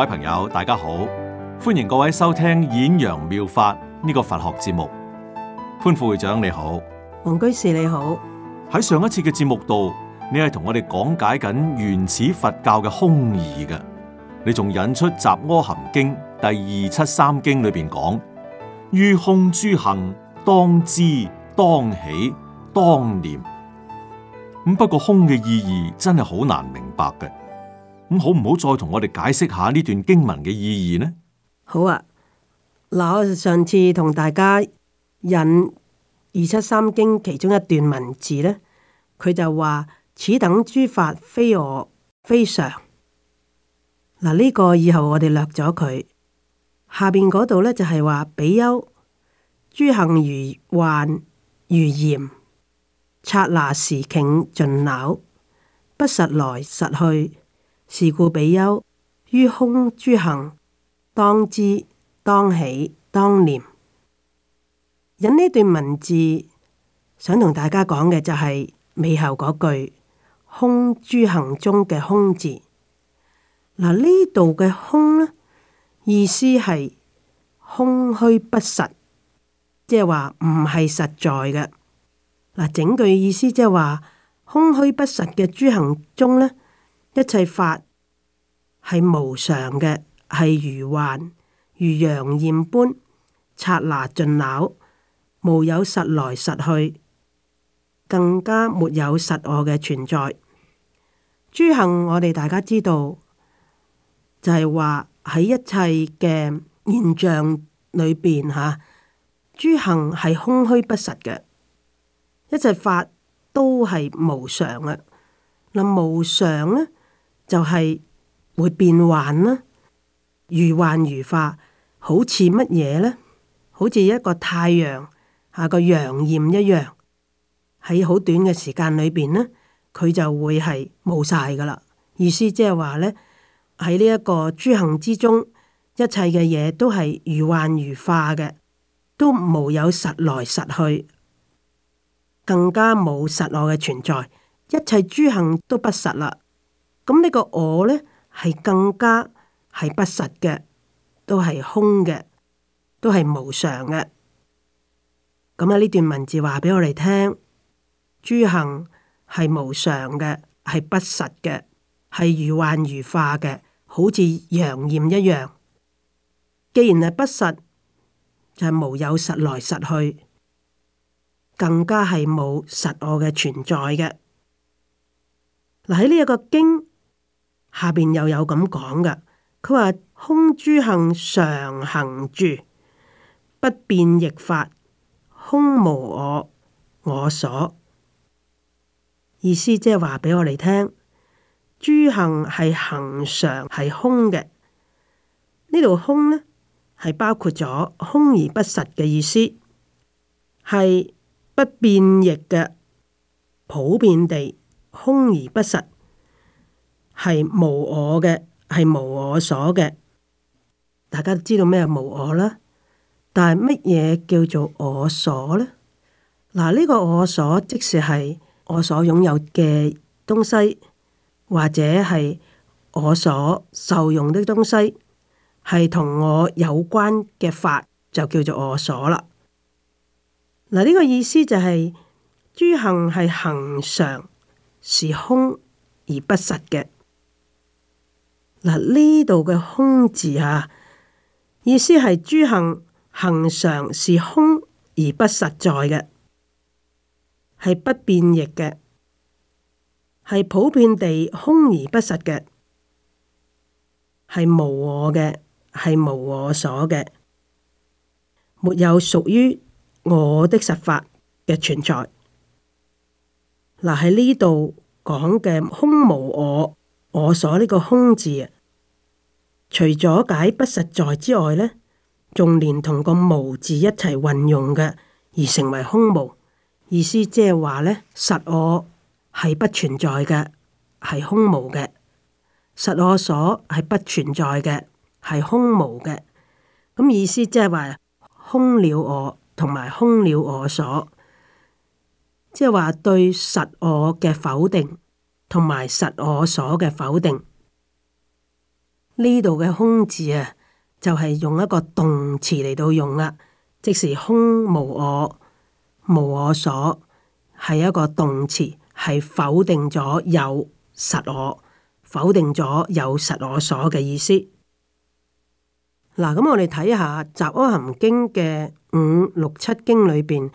各位朋友，大家好，歡迎各位收聽《演陽妙，妙法》呢、這個佛學節目。潘副會長你好，黃居士你好。喺上一次嘅節目度，你係同我哋講解緊原始佛教嘅空義嘅。你仲引出《雜阿含經》第二七三經裏邊講於空諸行當知當起當念咁。不過空嘅意義真係好難明白嘅。咁、嗯、好唔好再同我哋解釋下呢段經文嘅意義呢？好啊，嗱，我上次同大家引二七三經其中一段文字呢，佢就話：此等諸法非我非常。嗱，呢個以後我哋略咗佢，下邊嗰度呢就，就係話比丘諸行如幻，如炎，剎那時頃盡朽，不實來實去。是故比丘於空諸行，當知當起、當念。引呢段文字，想同大家講嘅就係尾後嗰句「空諸行中」嘅空字。嗱，呢度嘅空咧，意思係空虛不實，即係話唔係實在嘅。嗱，整句意思即係話空虛不實嘅諸行中呢。一切法係無常嘅，係如幻如陽焰般剎那盡腦，無有實來實去，更加沒有實我嘅存在。諸行我哋大家知道，就係話喺一切嘅現象裏邊吓，諸行係空虛不實嘅，一切法都係無常嘅。那無常呢？就係會變幻啦，如幻如化，好似乜嘢呢？好似一個太陽下個陽焰一樣，喺好短嘅時間裏邊呢，佢就會係冇晒噶啦。意思即係話呢，喺呢一個諸行之中，一切嘅嘢都係如幻如化嘅，都冇有實來實去，更加冇實我嘅存在，一切諸行都不實啦。咁呢個我呢，係更加係不實嘅，都係空嘅，都係無常嘅。咁啊呢段文字話俾我哋聽，諸行係無常嘅，係不實嘅，係如幻如化嘅，好似陽焰一樣。既然係不實，就係、是、無有實來實去，更加係冇實我嘅存在嘅。嗱喺呢一個經。下邊又有咁講嘅，佢話空諸行常行住不變易法，空無我我所。意思即係話俾我哋聽，諸行係恒常係空嘅。呢度空呢係包括咗空而不實嘅意思，係不變易嘅普遍地空而不實。係無我嘅，係無我所嘅。大家都知道咩係無我啦？但係乜嘢叫做我所呢？嗱，呢個我所，即使是係我所擁有嘅東西，或者係我所受用的東西，係同我有關嘅法，就叫做我所啦。嗱，呢個意思就係、是、諸行係恆常是空而不實嘅。呢度嘅空字啊，意思係諸行行常是空而不實在嘅，係不變異嘅，係普遍地空而不實嘅，係無我嘅，係無我所嘅，沒有屬於我的實法嘅存在。嗱、啊，喺呢度講嘅空無我我所呢個空字。除咗解不實在之外，呢仲連同個無字一齊運用嘅，而成為空無。意思，即係話呢實我係不存在嘅，係空無嘅；實我所係不存在嘅，係空無嘅。咁意思即係話空了我，同埋空了我所，即係話對實我嘅否，否定，同埋實我所嘅否定。呢度嘅空字啊，就係、是、用一個動詞嚟到用啦，即是空無我、無我所，係一個動詞，係否定咗有實我，否定咗有實我所嘅意思。嗱，咁我哋睇下《雜阿含經》嘅五六七經裏邊，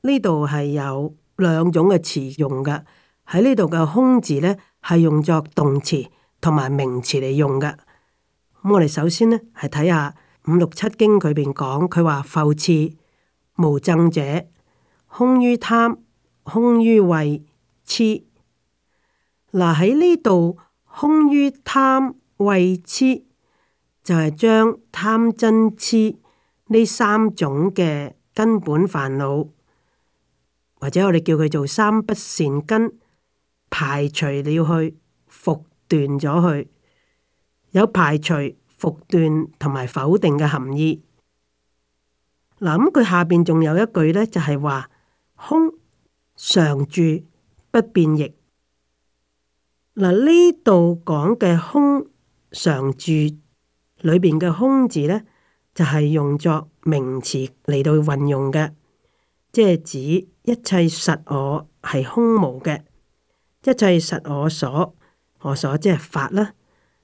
呢度係有兩種嘅詞用嘅，喺呢度嘅空字咧，係用作動詞，同埋名詞嚟用嘅，咁我哋首先呢，係睇下五六七經裏邊講，佢話復次，無諍者，空於貪，空於恚、痴。嗱喺呢度，空於貪、恚、痴，就係將貪、恚、痴呢三種嘅根本煩惱，或者我哋叫佢做三不善根，排除了去。斷咗去，有排除、復斷同埋否定嘅含義。嗱、嗯，咁佢下邊仲有一句呢，就係、是、話空常住不變易。嗱、嗯，呢度講嘅空常住裏邊嘅空字呢，就係、是、用作名詞嚟到運用嘅，即係指一切實我係空無嘅，一切實我所。我所知係法啦，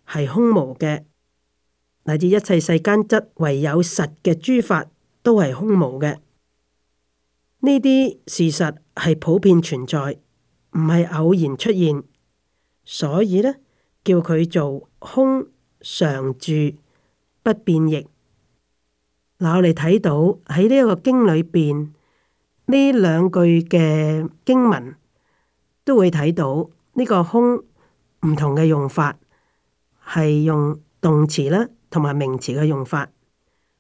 係空無嘅，乃至一切世間則唯有實嘅諸法都係空無嘅。呢啲事實係普遍存在，唔係偶然出現。所以呢，叫佢做空常住不變易。我哋睇到喺呢一個經裏邊，呢兩句嘅經文都會睇到呢個空唔同嘅用法，係用動詞啦，同埋名詞嘅用法，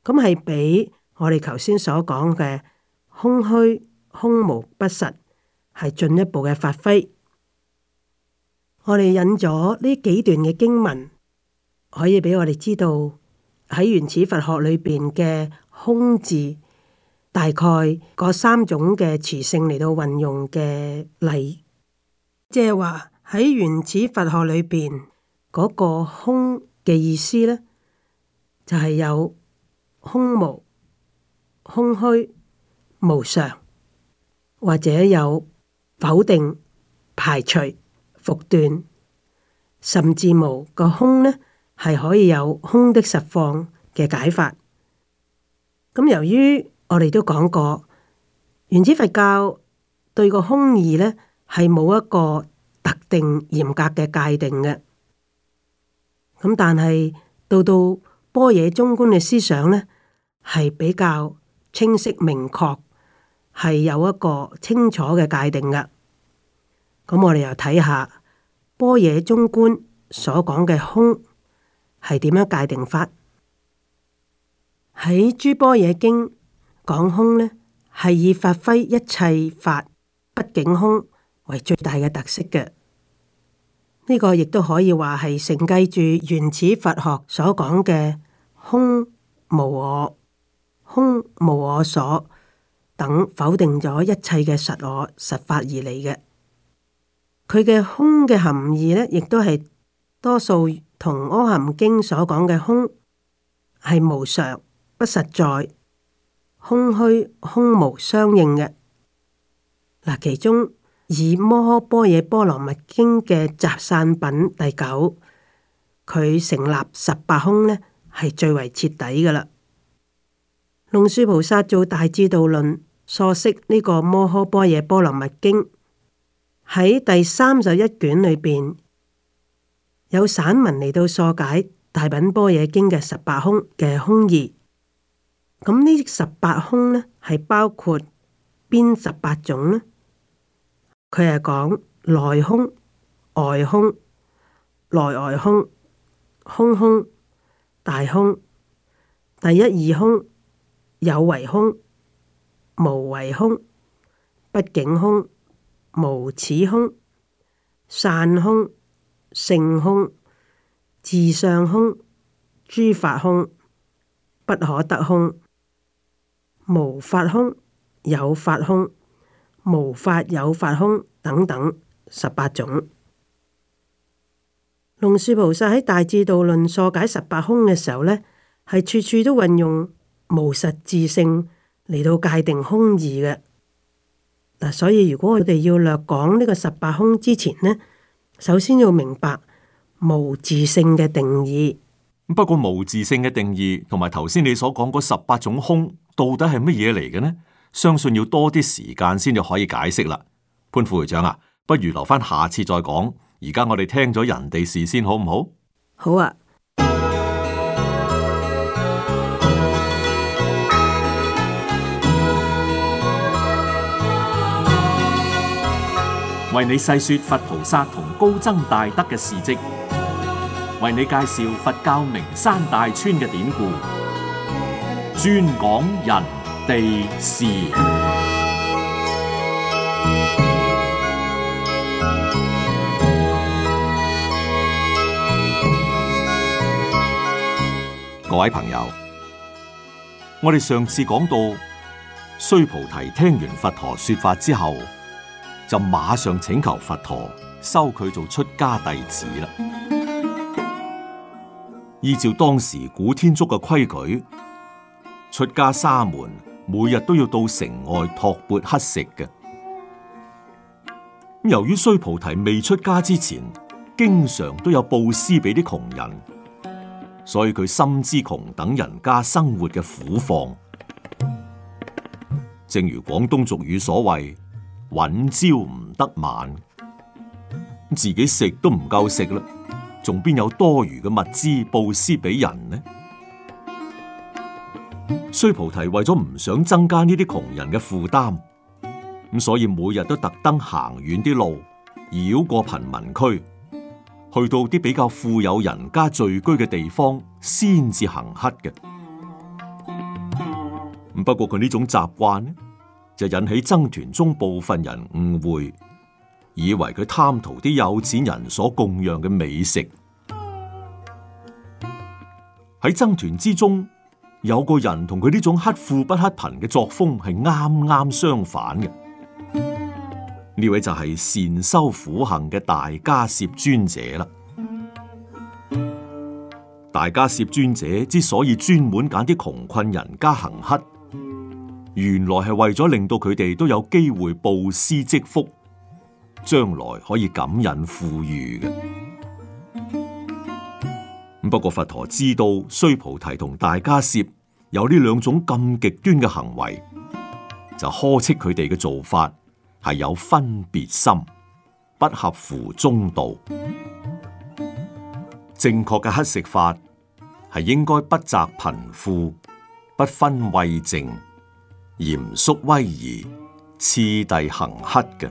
咁係俾我哋頭先所講嘅空虛、空無不實，係進一步嘅發揮。我哋引咗呢幾段嘅經文，可以俾我哋知道喺原始佛學裏邊嘅空字，大概個三種嘅詞性嚟到運用嘅例，即係話。喺原始佛學裏邊，嗰、那個空嘅意思呢，就係、是、有空無、空虛、無常，或者有否定、排除、伏斷，甚至無個空呢，係可以有空的實況嘅解法。咁由於我哋都講過，原始佛教對個空義呢，係冇一個特定嚴格嘅界定嘅，咁但係到到般若中觀嘅思想呢，係比較清晰明確，係有一個清楚嘅界定嘅。咁我哋又睇下般若中觀所講嘅空係點樣界定法？喺《諸般若經》講空呢，係以發揮一切法畢竟「空」為最大嘅特色嘅。呢個亦都可以話係承繼住原始佛學所講嘅空無我、空無我所等否定咗一切嘅實我實法而嚟嘅。佢嘅空嘅含義呢，亦都係多數同《阿含經》所講嘅空係無常、不實在、空虛、空無相應嘅。嗱，其中。以《摩訶般若波羅蜜經》嘅集散品第九，佢成立十八空呢，係最為徹底噶啦。龍樹菩薩做《大智度論》，疏釋呢個《摩訶般若波羅蜜經》，喺第三十一卷裏邊有散文嚟到疏解《大品般若經》嘅十八空嘅空義。咁呢十八空呢，係包括邊十八種呢？佢係講內空、外空、內外空、空空、大空、第一義空、有為空、無為空、畢竟空、無始空、散空、性空、自相空、諸法空、不可得空、無法空、有法空。無法有法空等等十八種，龍樹菩薩喺《大智度論》疏解十八空嘅時候呢，係處處都運用無實自性嚟到界定空義嘅。嗱，所以如果我哋要略講呢個十八空之前呢，首先要明白無自性嘅定義。不過無自性嘅定義同埋頭先你所講嗰十八種空到底係乜嘢嚟嘅呢？相信要多啲時間先至可以解釋啦，潘副會長啊，不如留翻下次再講。而家我哋聽咗人哋事先，好唔好？好啊！為你細說佛菩薩同高僧大德嘅事跡，為你介紹佛教名山大川嘅典故，專講人。地是，各位朋友，我哋上次講到，須菩提聽完佛陀說法之後，就馬上請求佛陀收佢做出家弟子啦。依照當時古天竺嘅規矩，出家沙門。每日都要到城外托缽乞食嘅。由於須菩提未出家之前，經常都有布施俾啲窮人，所以佢深知窮等人家生活嘅苦況。正如廣東俗語所謂：揾朝唔得晚，自己食都唔夠食啦，仲邊有多餘嘅物資布施俾人呢？須菩提為咗唔想增加呢啲窮人嘅負擔，咁所以每日都特登行遠啲路，繞過貧民區，去到啲比較富有人家聚居嘅地方先至行乞嘅。不過佢呢種習慣呢，就引起僧團中部分人誤會，以為佢貪圖啲有錢人所供養嘅美食。喺僧團之中。有個人同佢呢種乞富不乞貧嘅作風係啱啱相反嘅，呢位就係善修苦行嘅大迦葉尊者啦。大迦葉尊者之所以專門揀啲窮困人家行乞，原來係為咗令到佢哋都有機會布施積福，將來可以感應富裕嘅。不過佛陀知道須菩提同大迦葉，有呢兩種咁極端嘅行為，就呵斥佢哋嘅做法係有分別心，不合乎中道。正確嘅乞食法係應該不擇貧富，不分貴賤，嚴肅威儀，次第行乞嘅。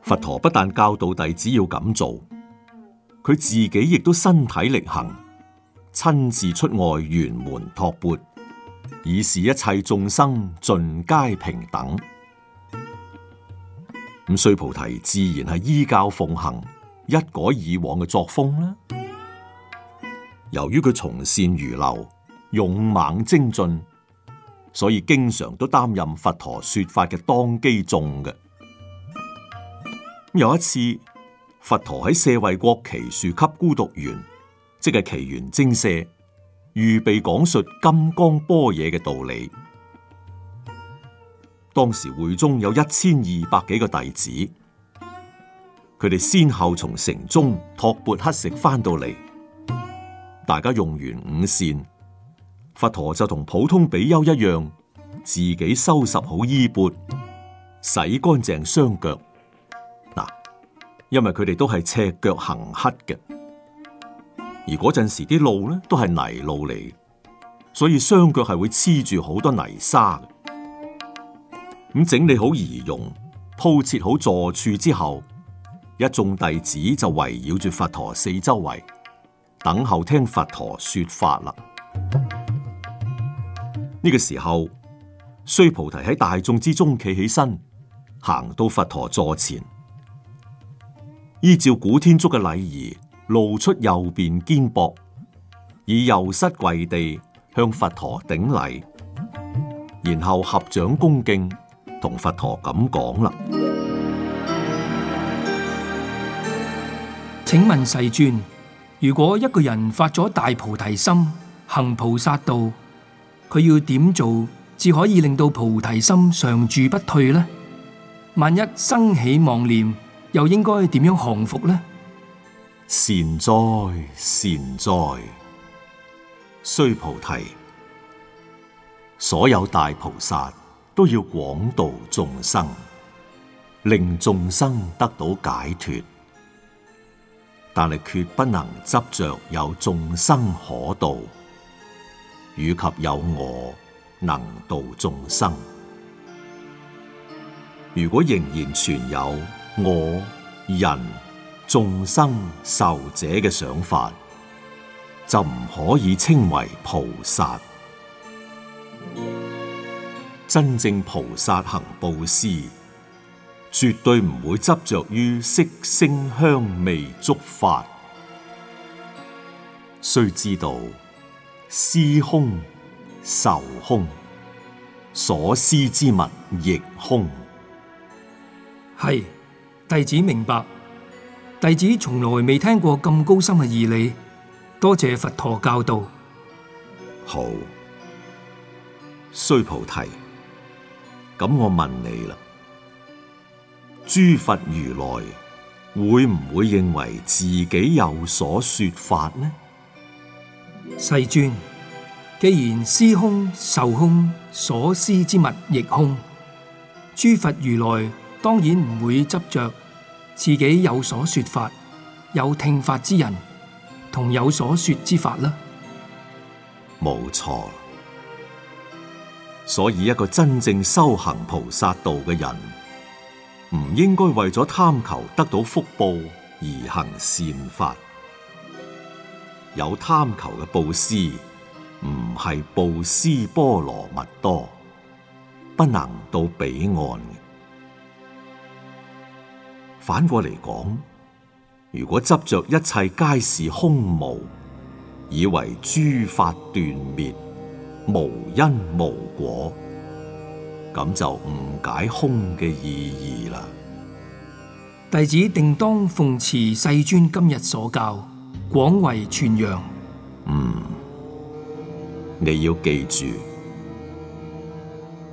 佛陀不但教導弟子要咁做，佢自己亦都身體力行。親自出外沿門托缽，以示一切眾生盡皆平等。咁須菩提自然係依教奉行，一改以往嘅作風啦。由於佢從善如流、勇猛精進，所以經常都擔任佛陀說法嘅當機眾嘅。有一次，佛陀喺舍衛國祇樹給孤獨園。嘅奇緣精舍預備講述金剛般若嘅道理。當時會中有一千二百幾個弟子，佢哋先後從城中托缽乞食翻到嚟，大家用完午膳，佛陀就同普通比丘一樣，自己收拾好衣缽，洗乾淨雙腳。嗱，因為佢哋都係赤腳行乞嘅。而嗰陣時啲路咧都係泥路嚟，所以雙腳係會黐住好多泥沙。咁整理好儀容，鋪設好座處之後，一眾弟子就圍繞住佛陀四周圍，等候聽佛陀說法啦。呢個時候，須菩提喺大眾之中企起身，行到佛陀座前，依照古天竺嘅禮儀。露出右邊肩膊，以右膝跪地向佛陀頂禮，然後合掌恭敬同佛陀咁講啦。請問世尊，如果一個人發咗大菩提心，行菩薩道，佢要點做，至可以令到菩提心常住不退呢？萬一生起妄念，又應該點樣降伏呢？善哉善哉，須菩提，所有大菩薩都要廣度眾生，令眾生得到解脫。但你決不能執着有眾生可度，以及有我能度眾生。如果仍然存有我人。眾生受者嘅想法就唔可以稱為菩薩。真正菩薩行布施，絕對唔會執着於色聲香味觸法。須知道，施空、受空，所施之物亦空。係，弟子明白。弟子從來未聽過咁高深嘅義理，多謝佛陀教導。好，須菩提，咁我問你啦，諸佛如來會唔會認為自己有所說法呢？世尊，既然思空、受空、所思之物亦空，諸佛如來當然唔會執着。自己有所說法，有聽法之人同有所說之法啦。冇錯，所以一個真正修行菩薩道嘅人，唔應該為咗貪求得到福報而行善法。有貪求嘅布施，唔係布施波羅蜜多，不能到彼岸。反過嚟講，如果執着一切皆是空無，以為諸法斷滅，無因無果，咁就唔解空嘅意義啦。弟子定當奉持世尊今日所教，廣為傳揚。嗯，你要記住，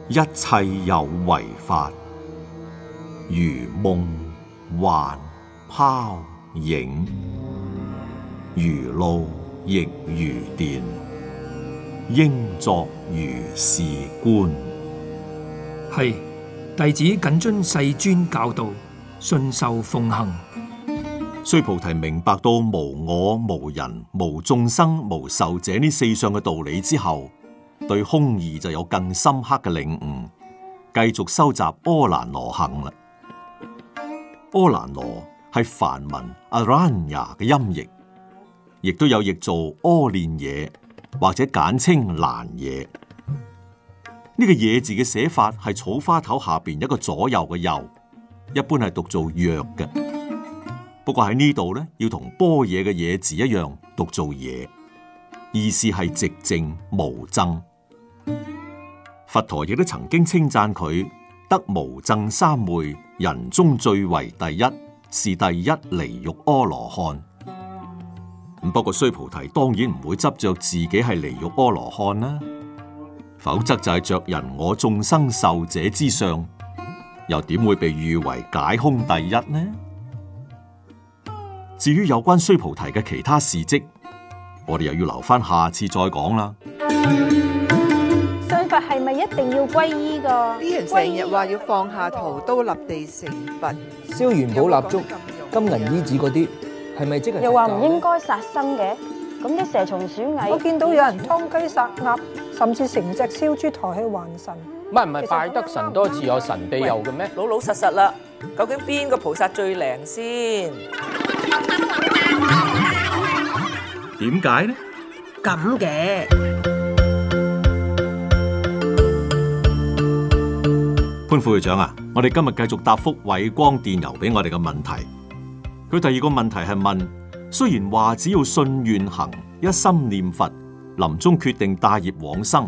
一切有為法，如夢。幻泡影，如露亦如電，應作如是觀。係弟子謹遵世尊教導，信受奉行。須菩提明白到無我、無人、無眾生、無壽者呢四相嘅道理之後，對空義就有更深刻嘅領悟，繼續修習波羅羅行啦。阿蘭若係梵文阿蘭牙嘅音譯，亦都有譯做阿練若或者簡稱蘭若。呢、這個若字嘅寫法係草花頭下邊一個左右嘅右，一般係讀做藥嘅。不過喺呢度咧，要同般若嘅若字一樣讀做野，意思係寂靜無爭。佛陀亦都曾經稱讚佢。得無諍三昧，人中最為第一，是第一離欲阿羅漢。咁不過須菩提當然唔會執着自己係離欲阿羅漢啦，否則就係着人我眾生受者之相，又點會被譽為解空第一呢？至於有關須菩提嘅其他事迹，我哋又要留翻下,下次再講啦。係咪一定要皈依㗎？啲人成日話要放下屠刀立地成佛，燒元寶蠟燭、金銀衣紙嗰啲，係咪即係？又話唔應該殺生嘅，咁啲蛇蟲鼠蟻，我見到有人劏雞殺鴨，甚至成隻燒豬抬去還神。唔係唔係，拜得神多自有神庇佑嘅咩？老老實實啦，究竟邊個菩薩最靈先？點解呢？咁嘅。潘副會長啊，我哋今日繼續答覆偉光電郵俾我哋嘅問題。佢第二個問題係問，雖然話只要信願行一心念佛，臨終決定帶業往生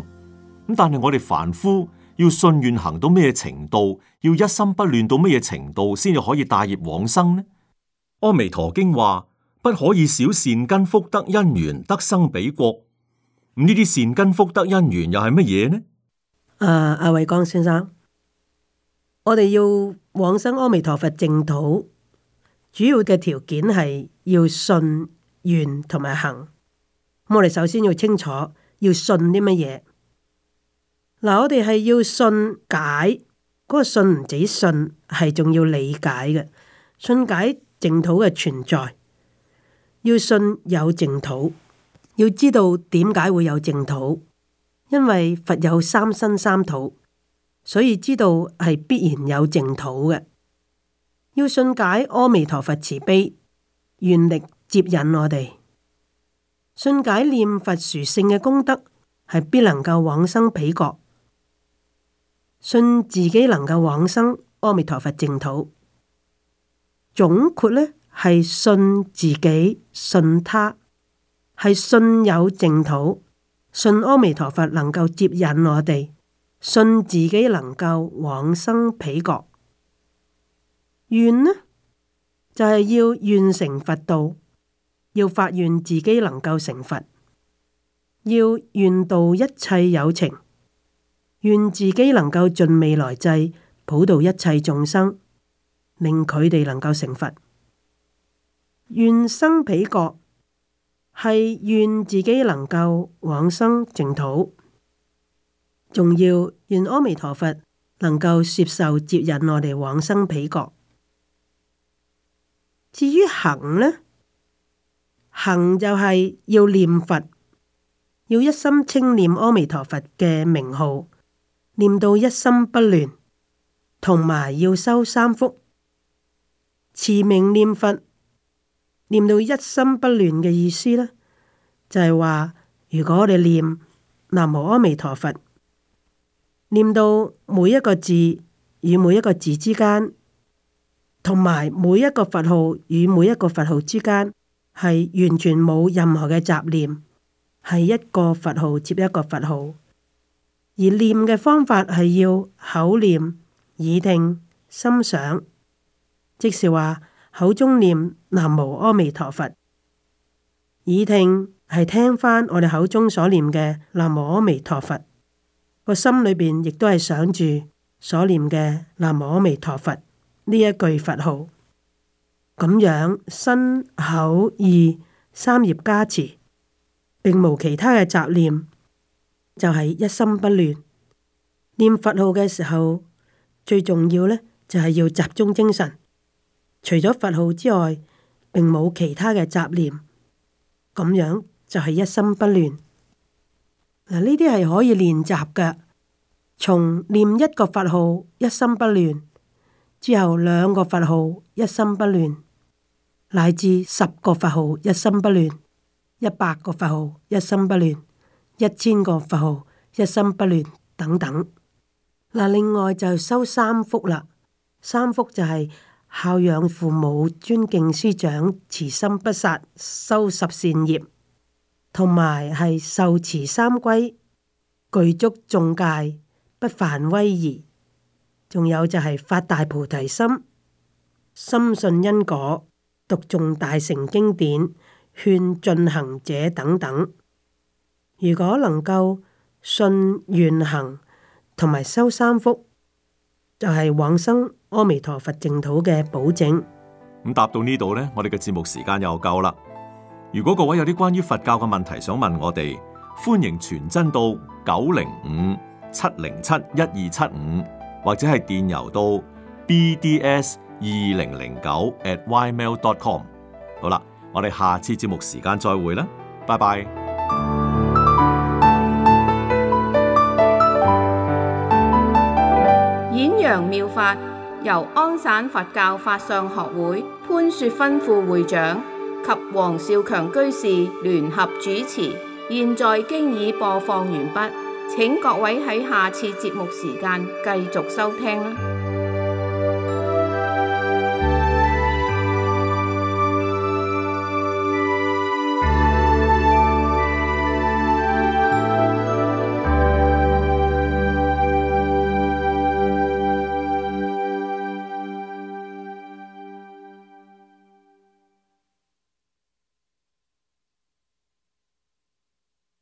咁，但係我哋凡夫要信願行到咩程度，要一心不亂到咩程度，先至可以帶業往生呢？阿彌陀經話不可以少善根福德因緣得生彼國。咁呢啲善根福德因緣又係乜嘢呢？誒、啊，阿偉光先生。我哋要往生阿彌陀佛淨土，主要嘅條件係要信願同埋行。咁我哋首先要清楚要信啲乜嘢。嗱，我哋係要信解，嗰個信唔止信，係仲要理解嘅。信解淨土嘅存在，要信有淨土，要知道點解會有淨土，因為佛有三身三土。所以知道係必然有淨土嘅，要信解阿彌陀佛慈悲願力接引我哋，信解念佛殊勝嘅功德係必能夠往生彼國，信自己能夠往生阿彌陀佛淨土。總括咧，係信自己，信他，係信有淨土，信阿彌陀佛能夠接引我哋。信自己能夠往生彼國，願呢就係、是、要願成佛道，要發願自己能夠成佛，要願度一切有情，願自己能夠盡未來際普渡一切眾生，令佢哋能夠成佛。願生彼國係願自己能夠往生淨土。仲要願阿彌陀佛能夠攝受接引我哋往生彼國。至於行呢，行就係要念佛，要一心稱念阿彌陀佛嘅名號，念到一心不亂，同埋要修三福。持名念佛，念到一心不亂嘅意思呢，就係話如果我哋念南無阿彌陀佛，念到每一個字與每一個字之間，同埋每一個佛號與每一個佛號之間，係完全冇任何嘅雜念，係一個佛號接一個佛號。而念嘅方法係要口念、耳聽、心想，即是話口中念南無阿彌陀佛，耳聽係聽翻我哋口中所念嘅南無阿彌陀佛。個心裏邊亦都係想住所念嘅南無阿彌陀佛呢一句佛號，咁樣身口意三業加持，並無其他嘅雜念，就係一心不亂。念佛號嘅時候，最重要呢就係要集中精神，除咗佛號之外，並冇其他嘅雜念，咁樣就係一心不亂。嗱，呢啲係可以練習嘅，從唸一個佛號一心不亂，之後兩個佛號一心不亂，乃至十個佛號一心不亂，一百個佛號一心不亂，一千個佛號一心不亂等等。嗱，另外就修三福啦，三福就係孝養父母、尊敬師長、慈心不殺、修十善業。同埋係受持三歸，具足眾戒，不犯威儀；仲有就係發大菩提心，深信因果，讀誦大乘經典，勸進行者等等。如果能夠信願行，同埋修三福，就係往生阿彌陀佛淨土嘅保證。咁答到呢度呢，我哋嘅節目時間又夠啦。如果各位有啲關於佛教嘅問題想問我哋，歡迎傳真到九零五七零七一二七五，75，或者係電郵到 bds 二零零九 at ymail.com。好啦，我哋下次節目時間再會啦，拜拜。演揚妙法由安省佛教法相學會潘雪芬副會長及黃少強居士聯合主持，現在經已播放完畢，請各位喺下次節目時間繼續收聽。